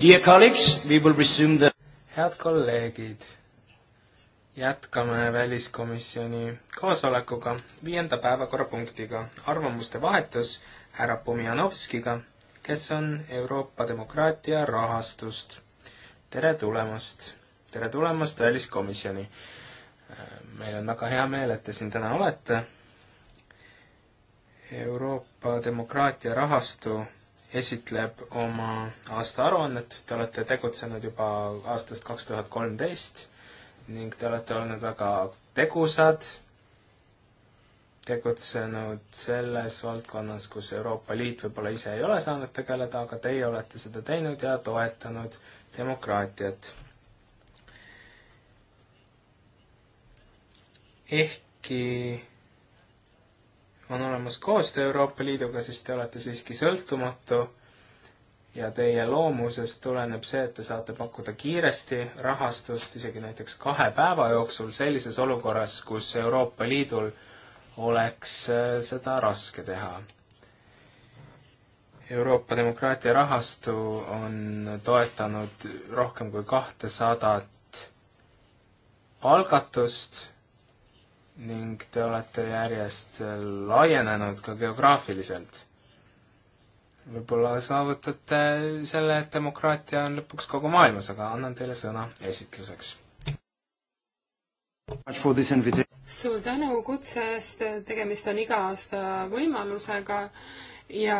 Dear colleagues, we will resume the head kolleegid, jätkame väliskomisjoni koosolekuga viienda päevakorrapunktiga, arvamuste vahetus härra Pomjanovskiga, kes on Euroopa demokraatia rahastust. tere tulemast, tere tulemast väliskomisjoni. meil on väga hea meel, et te siin täna olete Euroopa demokraatia rahastu esitleb oma aastaaruannet, te olete tegutsenud juba aastast kaks tuhat kolmteist ning te olete olnud väga tegusad, tegutsenud selles valdkonnas, kus Euroopa Liit võib-olla ise ei ole saanud tegeleda, aga teie olete seda teinud ja toetanud demokraatiat. ehkki on olemas koostöö Euroopa Liiduga, siis te olete siiski sõltumatu ja teie loomusest tuleneb see, et te saate pakkuda kiiresti rahastust, isegi näiteks kahe päeva jooksul, sellises olukorras, kus Euroopa Liidul oleks äh, seda raske teha. Euroopa demokraatia rahastu on toetanud rohkem kui kahtesadat algatust ning te olete järjest laienenud ka geograafiliselt. võib-olla saavutate selle, et demokraatia on lõpuks kogu maailmas, aga annan teile sõna esitluseks. suur tänu kutse eest, tegemist on iga aasta võimalusega ja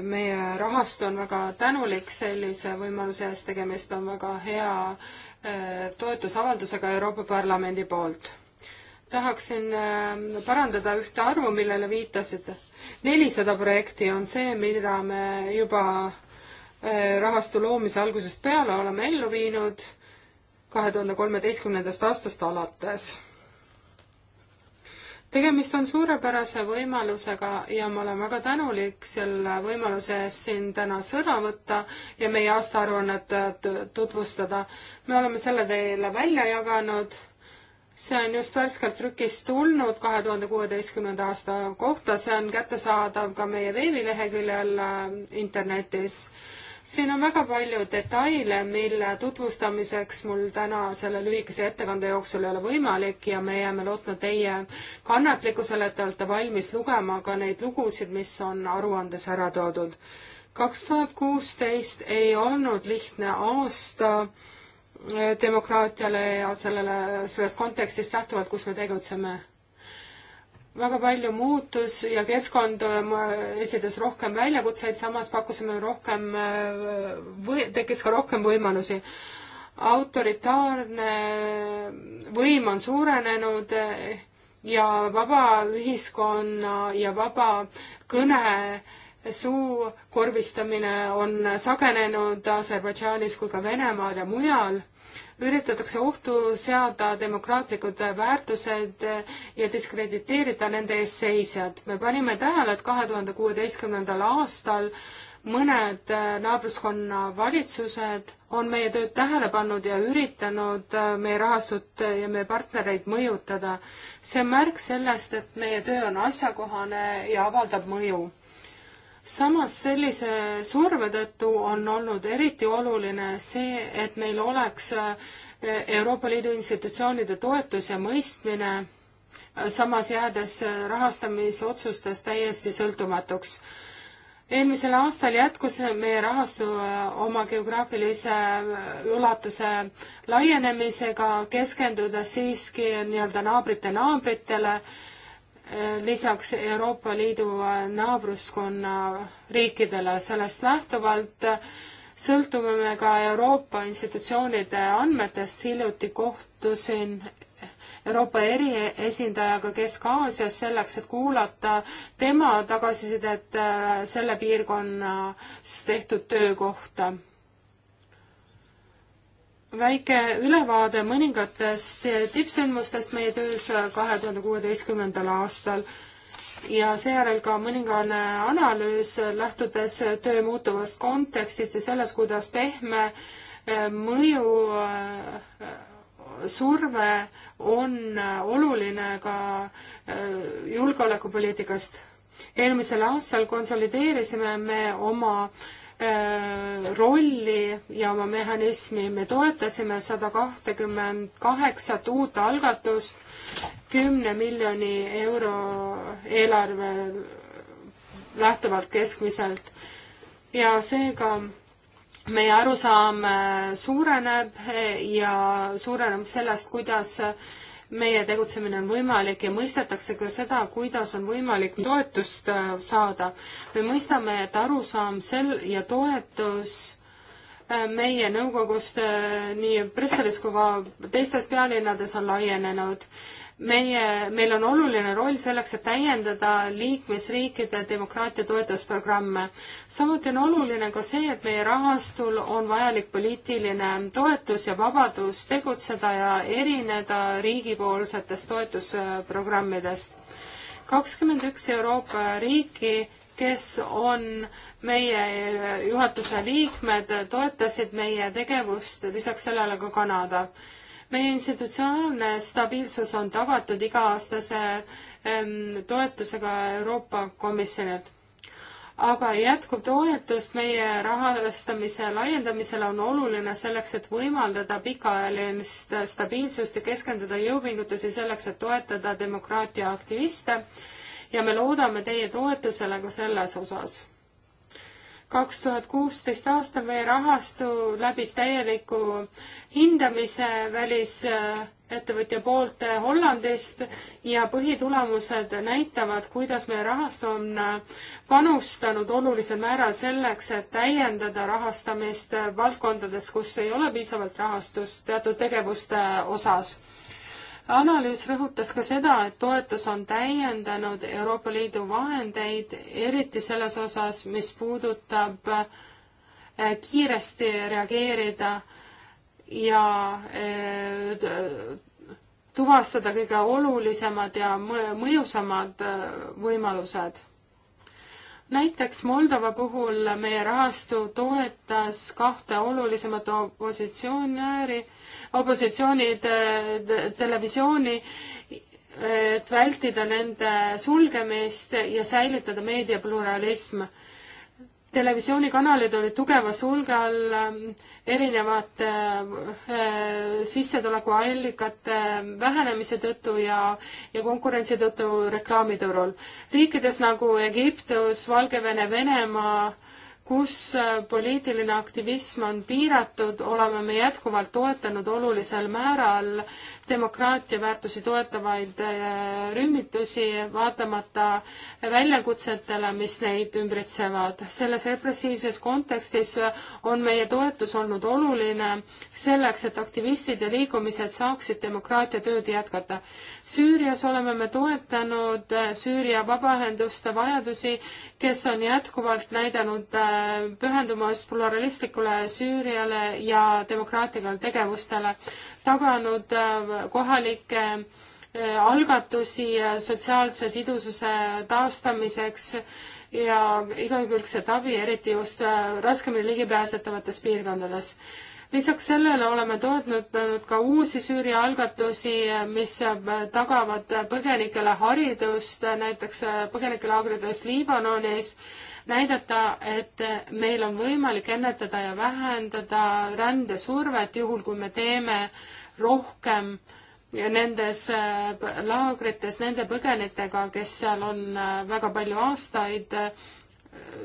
meie rahast on väga tänulik sellise võimaluse eest, tegemist on väga hea eh, toetusavaldusega Euroopa Parlamendi poolt tahaksin äh, parandada ühte arvu, millele viitasite. nelisada projekti on see, mida me juba äh, rahastu loomise algusest peale oleme ellu viinud kahe tuhande kolmeteistkümnendast aastast alates. tegemist on suurepärase võimalusega ja ma olen väga tänulik selle võimaluse eest siin täna sõna võtta ja meie aastaaruannet äh, tutvustada. me oleme selle teile välja jaganud see on just värskelt trükist tulnud kahe tuhande kuueteistkümnenda aasta kohta, see on kättesaadav ka meie veebileheküljel äh, internetis. siin on väga palju detaile, mille tutvustamiseks mul täna selle lühikese ettekande jooksul ei ole võimalik ja me jääme lootma teie kannatlikkusele, et te olete valmis lugema ka neid lugusid, mis on aruandes ära toodud. kaks tuhat kuusteist ei olnud lihtne aasta demokraatiale ja sellele, sellest kontekstist lähtuvalt, kus me tegutseme. väga palju muutus ja keskkond esitas rohkem väljakutseid, samas pakkusime rohkem või tekkis ka rohkem võimalusi autoritaarne võim on suurenenud ja vaba ühiskonna ja vaba kõne suu korvistamine on sagenenud Aserbaidžaanis kui ka Venemaal ja mujal. üritatakse ohtu seada demokraatlikud väärtused ja diskrediteerida nende eest seisjad. me panime tähele, et kahe tuhande kuueteistkümnendal aastal mõned naabruskonna valitsused on meie tööd tähele pannud ja üritanud meie rahastut ja meie partnereid mõjutada. see on märk sellest, et meie töö on asjakohane ja avaldab mõju samas sellise surve tõttu on olnud eriti oluline see, et meil oleks eh, Euroopa Liidu institutsioonide toetus ja mõistmine, eh, samas jäädes eh, rahastamisotsustes täiesti sõltumatuks. eelmisel aastal jätkus meie rahastu oma geograafilise ulatuse laienemisega, keskenduda siiski nii-öelda naabrite naabritele, naabritele lisaks Euroopa Liidu äh, naabruskonna riikidele. sellest lähtuvalt sõltume me ka Euroopa institutsioonide andmetest. hiljuti kohtusin Euroopa eriesindajaga Kesk-Aasias selleks, et kuulata tema tagasisidet äh, selle piirkonnas tehtud töö kohta väike ülevaade mõningatest tippsündmustest meie töös kahe tuhande kuueteistkümnendal aastal ja seejärel ka mõningane analüüs, lähtudes töö muutuvast kontekstist ja sellest, kuidas pehme eh, mõju eh, surve on oluline ka eh, julgeolekupoliitikast. eelmisel aastal konsolideerisime me oma äh, Äh, rolli ja oma mehhanismi me toetasime sada kahtekümmend kaheksat uut algatust kümne miljoni euro eelarve lähtuvalt keskmiselt. ja seega meie arusaam äh, suureneb ja suureneb sellest, kuidas meie tegutsemine on võimalik ja mõistetakse ka seda, kuidas on võimalik toetust äh, saada. me mõistame, et arusaam sel- ja toetus meie nõukogust äh, nii Brüsselis kui ka teistes pealinnades on laienenud. meie, meil on oluline roll selleks, et täiendada liikmesriikide demokraatia toetusprogramme. samuti on oluline ka see, et meie rahastul on vajalik poliitiline toetus ja vabadus tegutseda ja erineda riigipoolsetest toetusprogrammidest. kakskümmend üks Euroopa riiki, kes on äh, meie äh, juhatuse liikmed toetasid meie tegevust, lisaks sellele ka Kanada. meie institutsionaalne stabiilsus on tagatud iga-aastase ähm, toetusega Euroopa Komisjonilt. aga jätkuv toetus meie rahastamise laiendamisele on oluline selleks, et võimaldada pikaajalist stabiilsust ja keskenduda jõupingutusi selleks, et toetada demokraatia aktiviste ja me loodame teie toetusele ka selles osas kaks tuhat kuusteist aastal meie rahastu läbis täieliku hindamise välisettevõtja poolt Hollandist ja põhitulemused näitavad, kuidas meie rahastu on panustanud olulisel määral selleks, et täiendada rahastamist valdkondades, kus ei ole piisavalt rahastust teatud tegevuste osas analüüs rõhutas ka seda, et toetus on täiendanud Euroopa Liidu vahendeid, eriti selles osas, mis puudutab eh, kiiresti reageerida ja eh, tuvastada kõige olulisemad ja mõjusamad eh, võimalused. näiteks Moldova puhul meie rahastu toetas kahte olulisemat opositsionääri opositsiooni eh, televisiooni, et vältida nende sulgemist ja säilitada meediapluralism. televisioonikanalid olid tugeva sulge all eh, erinevate eh, sissetulekuallikate vähenemise tõttu ja, ja konkurentsi tõttu reklaamiturul. riikides nagu Egiptus, Valgevene, Venemaa kus äh, poliitiline aktivism on piiratud, oleme me jätkuvalt toetanud olulisel määral demokraatia väärtusi toetavaid äh, rühmitusi, vaatamata väljakutsetele, mis neid ümbritsevad. selles repressiivses kontekstis on meie toetus olnud oluline selleks, et aktivistid ja liikumised saaksid demokraatia tööd jätkata. Süürias oleme me toetanud äh, Süüria vabaühenduste vajadusi, kes on jätkuvalt näidanud äh, pühendumus pluralistlikule Süüriale ja demokraatlikele tegevustele, taganud kohalikke eh, algatusi sotsiaalse sidususe taastamiseks ja igakülgset abi, eriti just eh, raskemini ligipääsetavates piirkondades. lisaks sellele oleme toetanud eh, ka uusi Süüria algatusi, mis tagavad põgenikele haridust, näiteks põgenikelaagrites Liibanonis näidata, et meil on võimalik ennetada ja vähendada rändesurvet, juhul kui me teeme rohkem nendes äh, laagrites nende põgenitega, kes seal on äh, väga palju aastaid äh,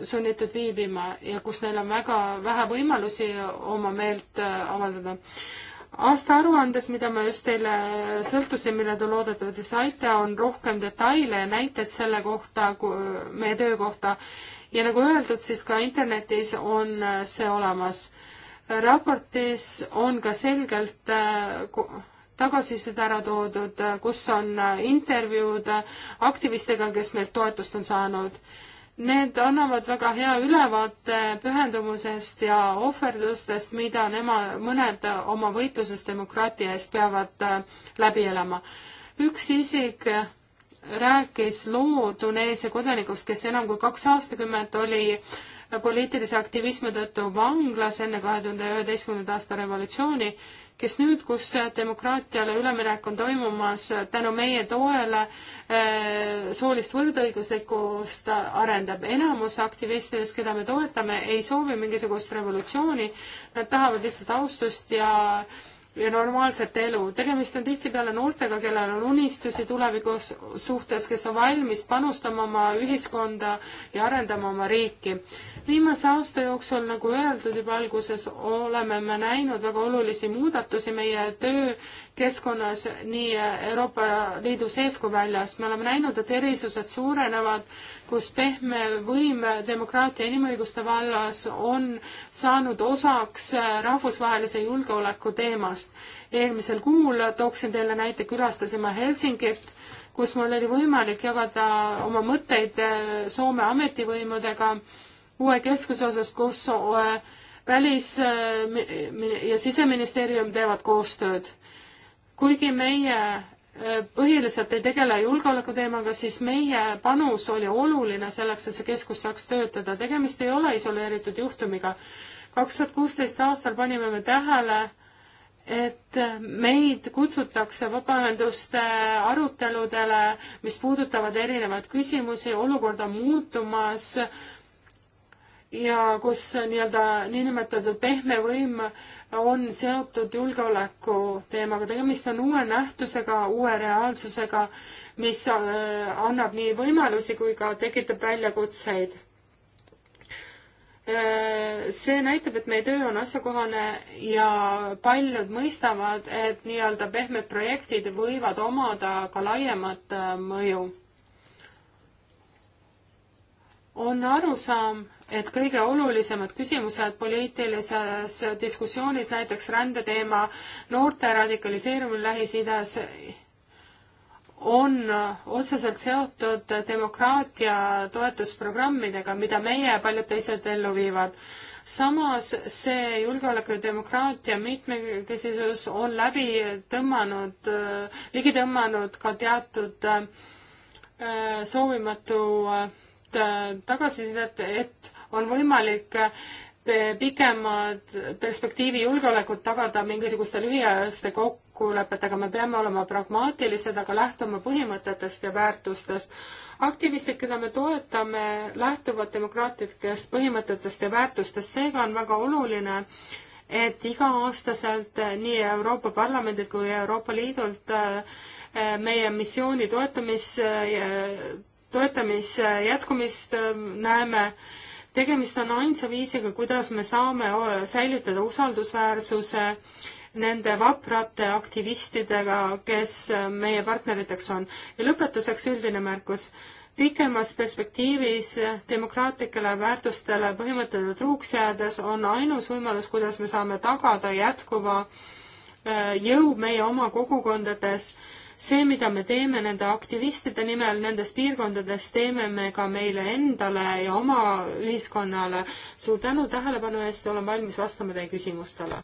sunnitud viibima ja kus neil on väga vähe võimalusi oma meelt avaldada aastaaruandes, mida ma just teile sõltusin, mille te loodetavasti saite, on rohkem detaile ja näiteid selle kohta, meie töö kohta ja nagu öeldud, siis ka internetis on äh, see olemas. raportis on ka selgelt äh, tagasiside ära toodud, äh, kus on intervjuud aktivistidega, kes meilt toetust on saanud. Need annavad väga hea ülevaate pühendumusest ja ohverdustest, mida nema, mõned oma võitluses demokraatia eest peavad läbi elama. üks isik rääkis loo Tuneesia kodanikust, kes enam kui kaks aastakümmet oli poliitilise aktivismi tõttu vanglas enne kahe tuhande üheteistkümnenda aasta revolutsiooni, kes nüüd, kus demokraatiale üleminek on toimumas tänu meie toele, eh, soolist võrdõiguslikkust arendab. enamus aktivistidest, keda me toetame, ei soovi mingisugust revolutsiooni, nad tahavad lihtsalt austust ja äh, ja normaalset elu. tegemist on tihtipeale noortega, kellel on unistusi tuleviku suhtes, kes on valmis panustama oma ühiskonda ja arendama oma riiki viimase aasta jooksul, nagu öeldud juba alguses, oleme me näinud väga olulisi muudatusi meie töökeskkonnas nii Euroopa Liidu sees kui väljas. me oleme näinud, et erisused suurenevad, kus pehme võim demokraatia ja inimõiguste vallas on saanud osaks rahvusvahelise julgeoleku teemast. eelmisel kuul tooksin teile näite, külastasin ma Helsingit kus mul oli võimalik jagada oma mõtteid Soome ametivõimudega uue keskuse osas, kus äh, välis- äh, ja siseministeerium teevad koostööd. kuigi meie äh, põhiliselt ei tegele julgeoleku teemaga, siis meie panus oli oluline selleks, et see keskus saaks töötada. tegemist ei ole isoleeritud juhtumiga. kaks tuhat kuusteist aastal panime me tähele, et meid kutsutakse vabaühenduste aruteludele, mis puudutavad erinevaid küsimusi, olukord on muutumas äh, ja kus nii-öelda niinimetatud pehme võim on seotud julgeoleku teemaga, tegemist on uue nähtusega, uue reaalsusega, mis äh, annab nii võimalusi kui ka tekitab väljakutseid. Äh, see näitab, et meie töö on asjakohane ja paljud mõistavad, et nii-öelda pehmed projektid võivad omada ka laiemat äh, mõju. on arusaam et kõige olulisemad küsimused poliitilises diskussioonis, näiteks rändeteema, noorte radikaliseerumine Lähis-Idas, on otseselt seotud demokraatia toetusprogrammidega, mida meie ja paljud teised ellu viivad. samas see julgeoleku ja demokraatia mitmekesisus on läbi tõmmanud, ligi tõmmanud ka teatud äh, soovimatu äh, tagasisidet, et on võimalik eh, pikemad perspektiivi julgeolekut tagada mingisuguste lühiajaliste kokkulepetega, me peame olema pragmaatilised, aga lähtuma põhimõtetest ja väärtustest. aktivistid, keda me toetame, lähtuvad demokraatlikest põhimõtetest ja väärtustest, seega on väga oluline, et iga-aastaselt nii Euroopa Parlamendilt kui Euroopa Liidult eh, meie missiooni toetamis, toetamise jätkumist eh, näeme tegemist on ainsa viisiga, kuidas me saame äh, säilitada usaldusväärsuse nende vaprate aktivistidega, kes äh, meie partneriteks on. ja lõpetuseks üldine märkus. pikemas perspektiivis äh, demokraatlikele väärtustele põhimõtteliselt truuks jäädes on ainus võimalus, kuidas me saame tagada jätkuva jõu meie oma kogukondades see, mida me teeme nende aktivistide nimel nendes piirkondades, teeme me ka meile endale ja oma ühiskonnale. suur tänu tähelepanu eest, olen valmis vastama teie küsimustele.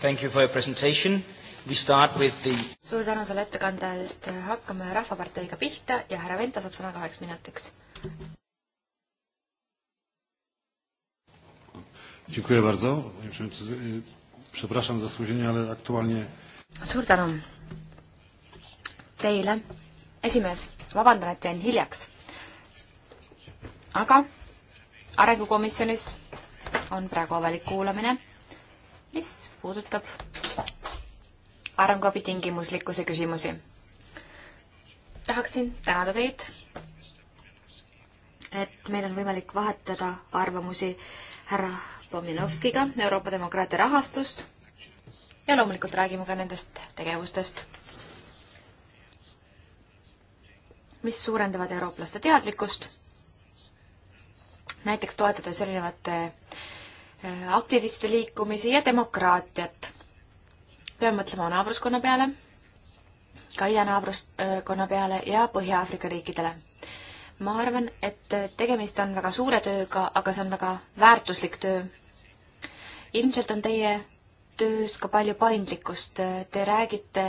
Thank you for your presentation. We start with the suur tänu selle ettekande eest, hakkame Rahvaparteiga pihta ja härra Venta saab sõna kaheks minutiks. Dziękuję bardzo. Przepraszam za spóźnienie, ale aktualnie suur tänu teile, esimees, vabandan, et jäin hiljaks. aga arengukomisjonis on praegu avalik kuulamine, mis puudutab arenguabi tingimuslikkuse küsimusi. tahaksin tänada teid, et meil on võimalik vahetada arvamusi härra Pominovskiga Euroopa demokraatia rahastust ja loomulikult räägime ka nendest tegevustest, mis suurendavad eurooplaste teadlikkust, näiteks toetades erinevate eh, aktivistide liikumisi ja demokraatiat. peame mõtlema naabruskonna peale, ka idanaabruskonna peale ja Põhja-Aafrika riikidele. ma arvan, et tegemist on väga suure tööga, aga see on väga väärtuslik töö. ilmselt on teie töös ka palju paindlikkust. Te räägite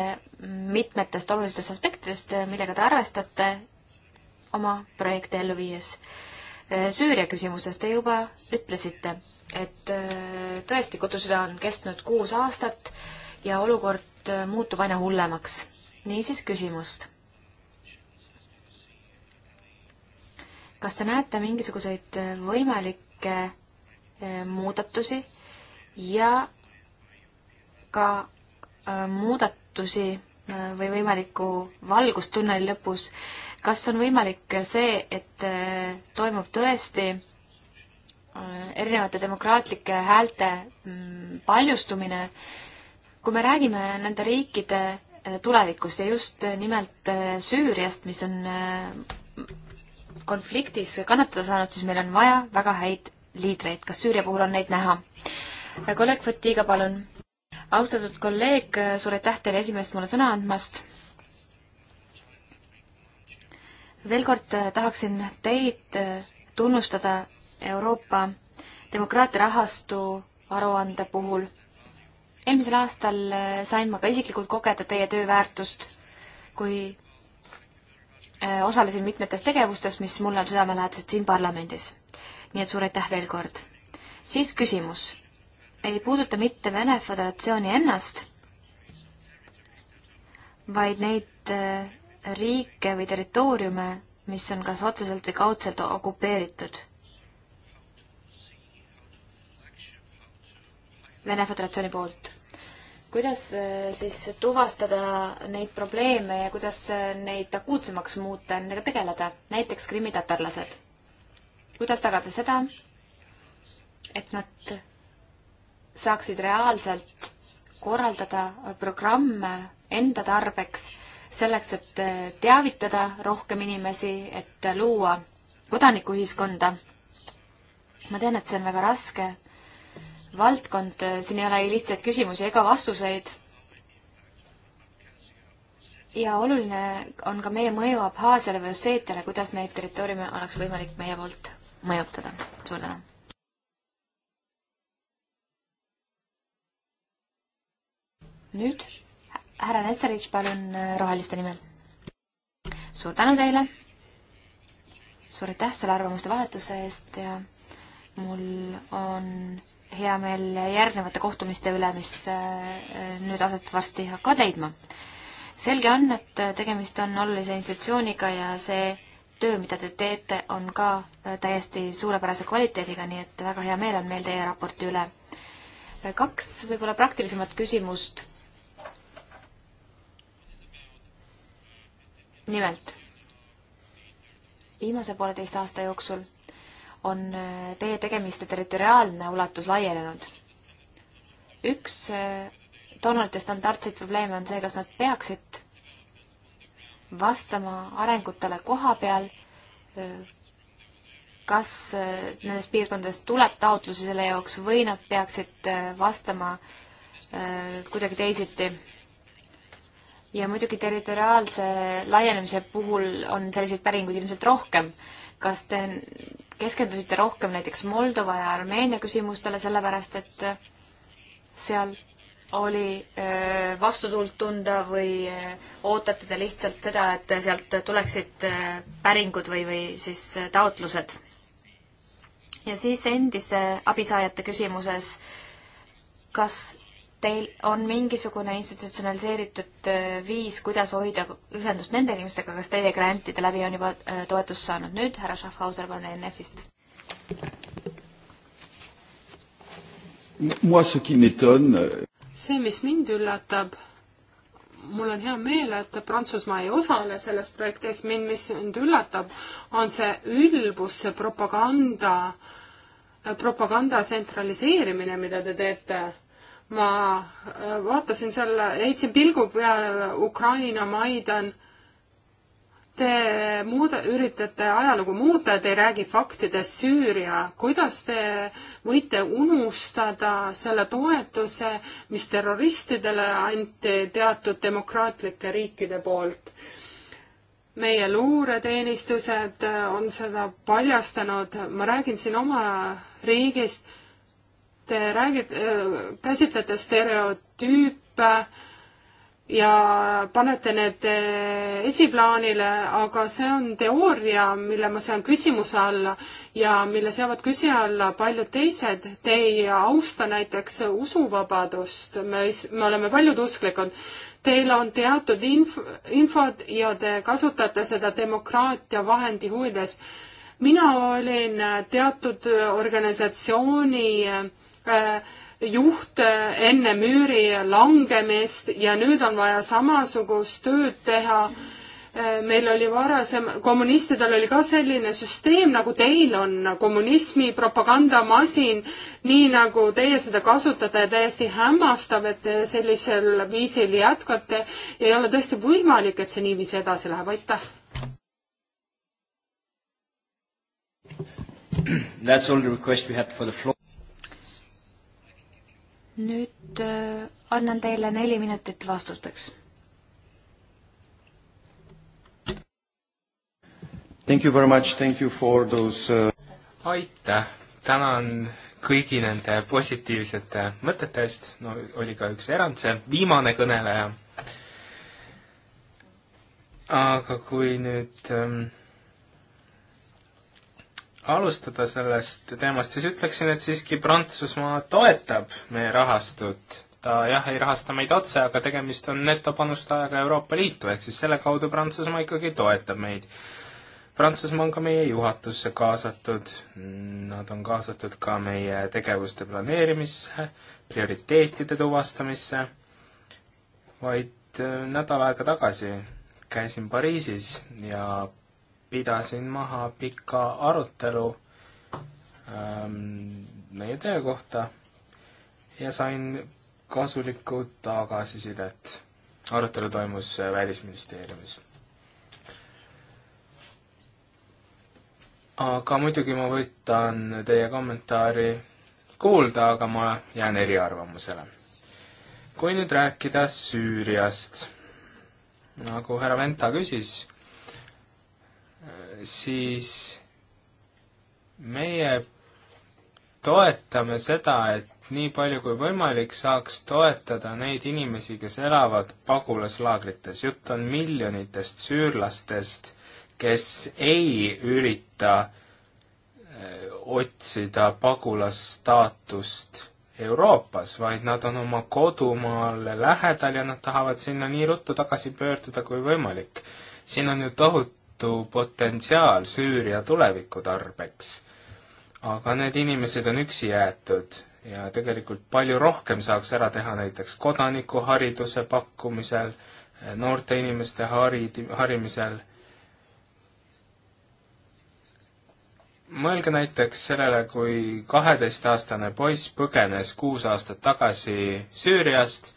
mitmetest olulistest aspektidest, millega te arvestate oma projekte ellu viies. Süüria küsimuses te juba ütlesite, et tõesti, kodusõda on kestnud kuus aastat ja olukord muutub aina hullemaks. niisiis küsimust. kas te näete mingisuguseid võimalikke muudatusi ja ka äh, muudatusi äh, või võimaliku valgustunneli lõpus. kas on võimalik see, et äh, toimub tõesti erinevate demokraatlike häälte mm, paljustumine, kui me räägime nende riikide tulevikust ja just nimelt Süüriast, mis on konfliktis kannatada saanud, siis meil on vaja väga häid liidreid. kas Süüria puhul on neid näha? kolleeg Fatiga, palun austatud kolleeg, suur aitäh teile esimest mulle sõna andmast. veel kord äh, tahaksin teid äh, tunnustada Euroopa demokraatia rahastu aruande puhul. eelmisel aastal äh, sain ma ka isiklikult kogeda teie töö väärtust, kui osalesin mitmetes tegevustes, mis mulle on südamelähedased siin parlamendis. nii et suur aitäh veel kord. siis küsimus ei puuduta mitte Vene Föderatsiooni ennast, vaid neid äh, riike või territooriume, mis on kas otseselt või kaudselt okupeeritud. Vene Föderatsiooni poolt. kuidas äh, siis tuvastada neid probleeme ja kuidas äh, neid akuutsemaks muuta, nendega tegeleda, näiteks krimmitatarlased? kuidas tagada seda, et nad saaksid reaalselt korraldada programme enda tarbeks, selleks, et teavitada rohkem inimesi, et luua kodanikuühiskonda. ma tean, et see on väga raske valdkond, siin ei ole ei lihtsaid küsimusi ega vastuseid. ja oluline on ka meie mõju Abhaasiale või Osseetiale, kuidas neid territooriume oleks võimalik meie poolt mõjutada. suur tänu! nüüd härra Nesserich, palun äh, roheliste nimel. suur tänu teile. suur aitäh selle arvamuste vahetuse eest ja mul on hea meel järgnevate kohtumiste üle, mis äh, äh, nüüd aset varsti hakkavad leidma. selge on, et tegemist on olulise institutsiooniga ja see töö, mida te teete, on ka täiesti suurepärase kvaliteediga, nii et väga hea meel on meil teie raporti üle. kaks võib-olla praktilisemat küsimust nimelt, viimase pooleteist aasta jooksul on äh, teie tegemiste territoriaalne ulatus laienenud. üks äh, doonorite standardseid probleeme on see, kas nad peaksid vastama arengutele koha peal, äh, kas nendes piirkondades tuleb taotlusi selle jaoks või nad peaksid vastama kuidagi teisiti ja muidugi territoriaalse laienemise puhul on selliseid päringuid ilmselt rohkem. kas te keskendusite rohkem näiteks Moldova ja Armeenia küsimustele, sellepärast et seal oli äh, vastutuult tunda või äh, ootate te lihtsalt seda, et sealt tuleksid äh, päringud või, või siis taotlused? ja siis endise abisaajate küsimuses, kas teil on mingisugune institutsionaliseeritud äh, viis, kuidas hoida ühendust nende inimestega, kes teie grantide läbi on juba äh, toetust saanud. nüüd härra Schaffhauser, palun ENF-ist. Euh, see, mis mind üllatab, mul on hea meel, et Prantsusmaa ei osale selles projektis, mind, mis mind üllatab, on see ülbus, see propaganda, propaganda tsentraliseerimine, mida te teete ma äh, vaatasin selle, heitsin pilgu peale Ukraina Maidan. Te muuda, üritate ajalugu muuta ja te ei räägi faktidest Süüria. kuidas te võite unustada selle toetuse, mis terroristidele anti teatud demokraatlike riikide poolt? meie luureteenistused on seda paljastanud, ma räägin siin oma riigist te räägite, käsitlete stereotüüpe ja panete need eh, esiplaanile, aga see on teooria, mille ma sean küsimuse alla ja mille seavad küsi alla paljud teised. Te ei austa näiteks usuvabadust, me, me oleme paljud usklikud. Teil on teatud inf-, infod ja te kasutate seda demokraatia vahendi huvides mina olin teatud organisatsiooni eh, Äh, juht äh, enne müüri langemist ja nüüd on vaja samasugust tööd teha. Äh, meil oli varasem, kommunistidel oli ka selline süsteem, nagu teil on, kommunismi propagandamasin, nii nagu teie seda kasutate, täiesti hämmastav, et te sellisel viisil jätkate. ei ole tõesti võimalik, et see niiviisi edasi läheb, aitäh That's all the request we had for the floor nüüd äh, annan teile neli minutit vastusteks. Thank you very much, thank you for those uh... aitäh, tänan kõigi nende positiivsete mõtete eest, no oli ka üks erand, see viimane kõneleja. aga kui nüüd ähm, alustada sellest teemast, siis ütleksin, et siiski Prantsusmaa toetab meie rahastut. ta jah, ei rahasta meid otse, aga tegemist on netopanustajaga Euroopa Liitu, ehk siis selle kaudu Prantsusmaa ikkagi toetab meid. Prantsusmaa on ka meie juhatusse kaasatud, nad on kaasatud ka meie tegevuste planeerimisse, prioriteetide tuvastamisse, vaid äh, nädal aega tagasi käisin Pariisis ja pidasin maha pika arutelu ähm, meie töö kohta ja sain kasulikku tagasisidet. arutelu toimus Välisministeeriumis. aga muidugi ma võtan teie kommentaari kuulda, aga ma jään eriarvamusele. kui nüüd rääkida Süüriast, nagu härra Venta küsis siis meie toetame seda, et nii palju kui võimalik saaks toetada neid inimesi, kes elavad pagulaslaagrites. jutt on miljonitest süürlastest, kes ei ürita eh, otsida pagulasstaatust Euroopas, vaid nad on oma kodumaale lähedal ja nad tahavad sinna nii ruttu tagasi pöörduda kui võimalik. siin on ju tohutu tohutu potentsiaal Süüria tuleviku tarbeks. aga need inimesed on üksi jäetud ja tegelikult palju rohkem saaks ära teha näiteks kodanikuhariduse pakkumisel, noorte inimeste harid-, harimisel. mõelge näiteks sellele, kui kaheteistaastane poiss põgenes kuus aastat tagasi Süüriast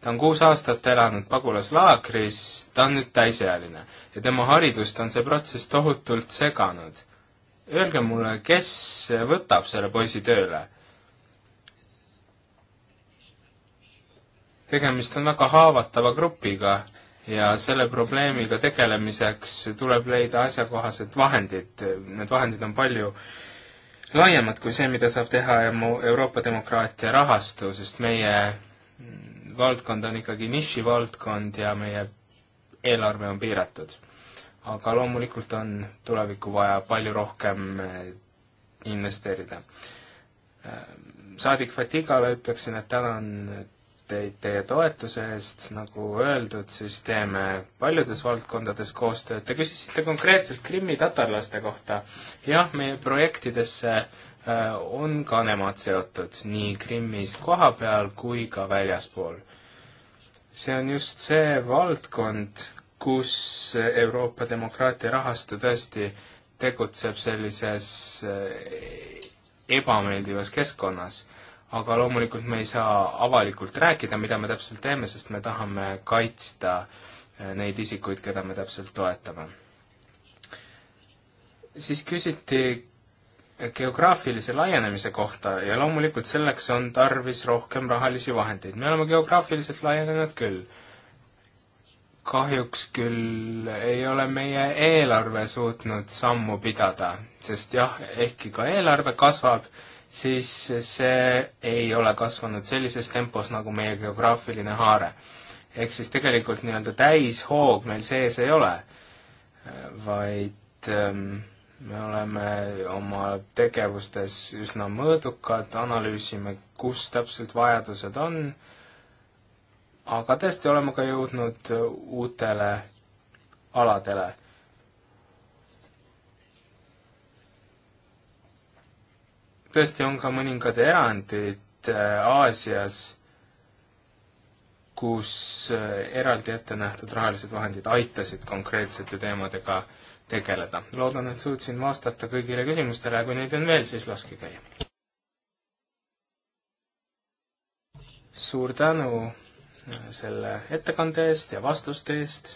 ta on kuus aastat elanud pagulaslaagris, ta on nüüd täisealine ja tema haridust on see protsess tohutult seganud. Öelge mulle, kes võtab selle poisi tööle? tegemist on väga haavatava grupiga ja selle probleemiga tegelemiseks tuleb leida asjakohased vahendid, need vahendid on palju laiemad kui see, mida saab teha Euroopa demokraatia rahastu, sest meie valdkond on ikkagi nišivaldkond ja meie eelarve on piiratud. aga loomulikult on tulevikku vaja palju rohkem eh, investeerida. Eh, saadik Fatigale ütleksin, et tänan teid teie toetuse eest, nagu öeldud, siis teeme paljudes valdkondades koostööd. Te küsisite konkreetselt Krimmi tatarlaste kohta. jah, meie projektidesse Äh, on ka nemad seotud nii Krimmis kohapeal kui ka väljaspool. see on just see valdkond, kus Euroopa demokraatia rahastu tõesti tegutseb sellises äh, ebameeldivas keskkonnas. aga loomulikult me ei saa avalikult rääkida, mida me täpselt teeme, sest me tahame kaitsta äh, neid isikuid, keda me täpselt toetame. siis küsiti geograafilise laienemise kohta ja loomulikult selleks on tarvis rohkem rahalisi vahendeid. me oleme geograafiliselt laienenud küll. kahjuks küll ei ole meie eelarve suutnud sammu pidada, sest jah, ehkki ka eelarve kasvab, siis see ei ole kasvanud sellises tempos, nagu meie geograafiline haare. ehk siis tegelikult nii-öelda täishoog meil sees ei ole, vaid ähm, me oleme oma tegevustes üsna mõõdukad, analüüsime, kus täpselt vajadused on, aga tõesti oleme ka jõudnud uutele aladele. tõesti on ka mõningad erandid äh, Aasias, kus äh, eraldi ette nähtud rahalised vahendid aitasid konkreetsete teemadega äh, tegeleda. loodan, et suutsin vastata kõigile küsimustele, kui neid on veel, siis laske käia. suur tänu äh, selle ettekande eest ja vastuste eest.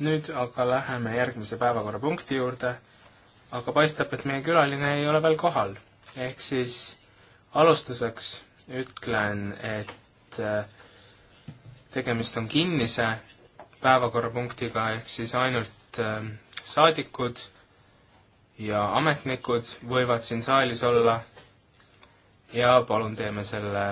nüüd aga läheme järgmise päevakorrapunkti juurde, aga paistab, et meie külaline ei ole veel kohal. ehk siis alustuseks ütlen, et äh, tegemist on kinnise päevakorrapunktiga, ehk siis ainult et ähm, saadikud ja ametnikud võivad siin saalis olla ja palun teeme selle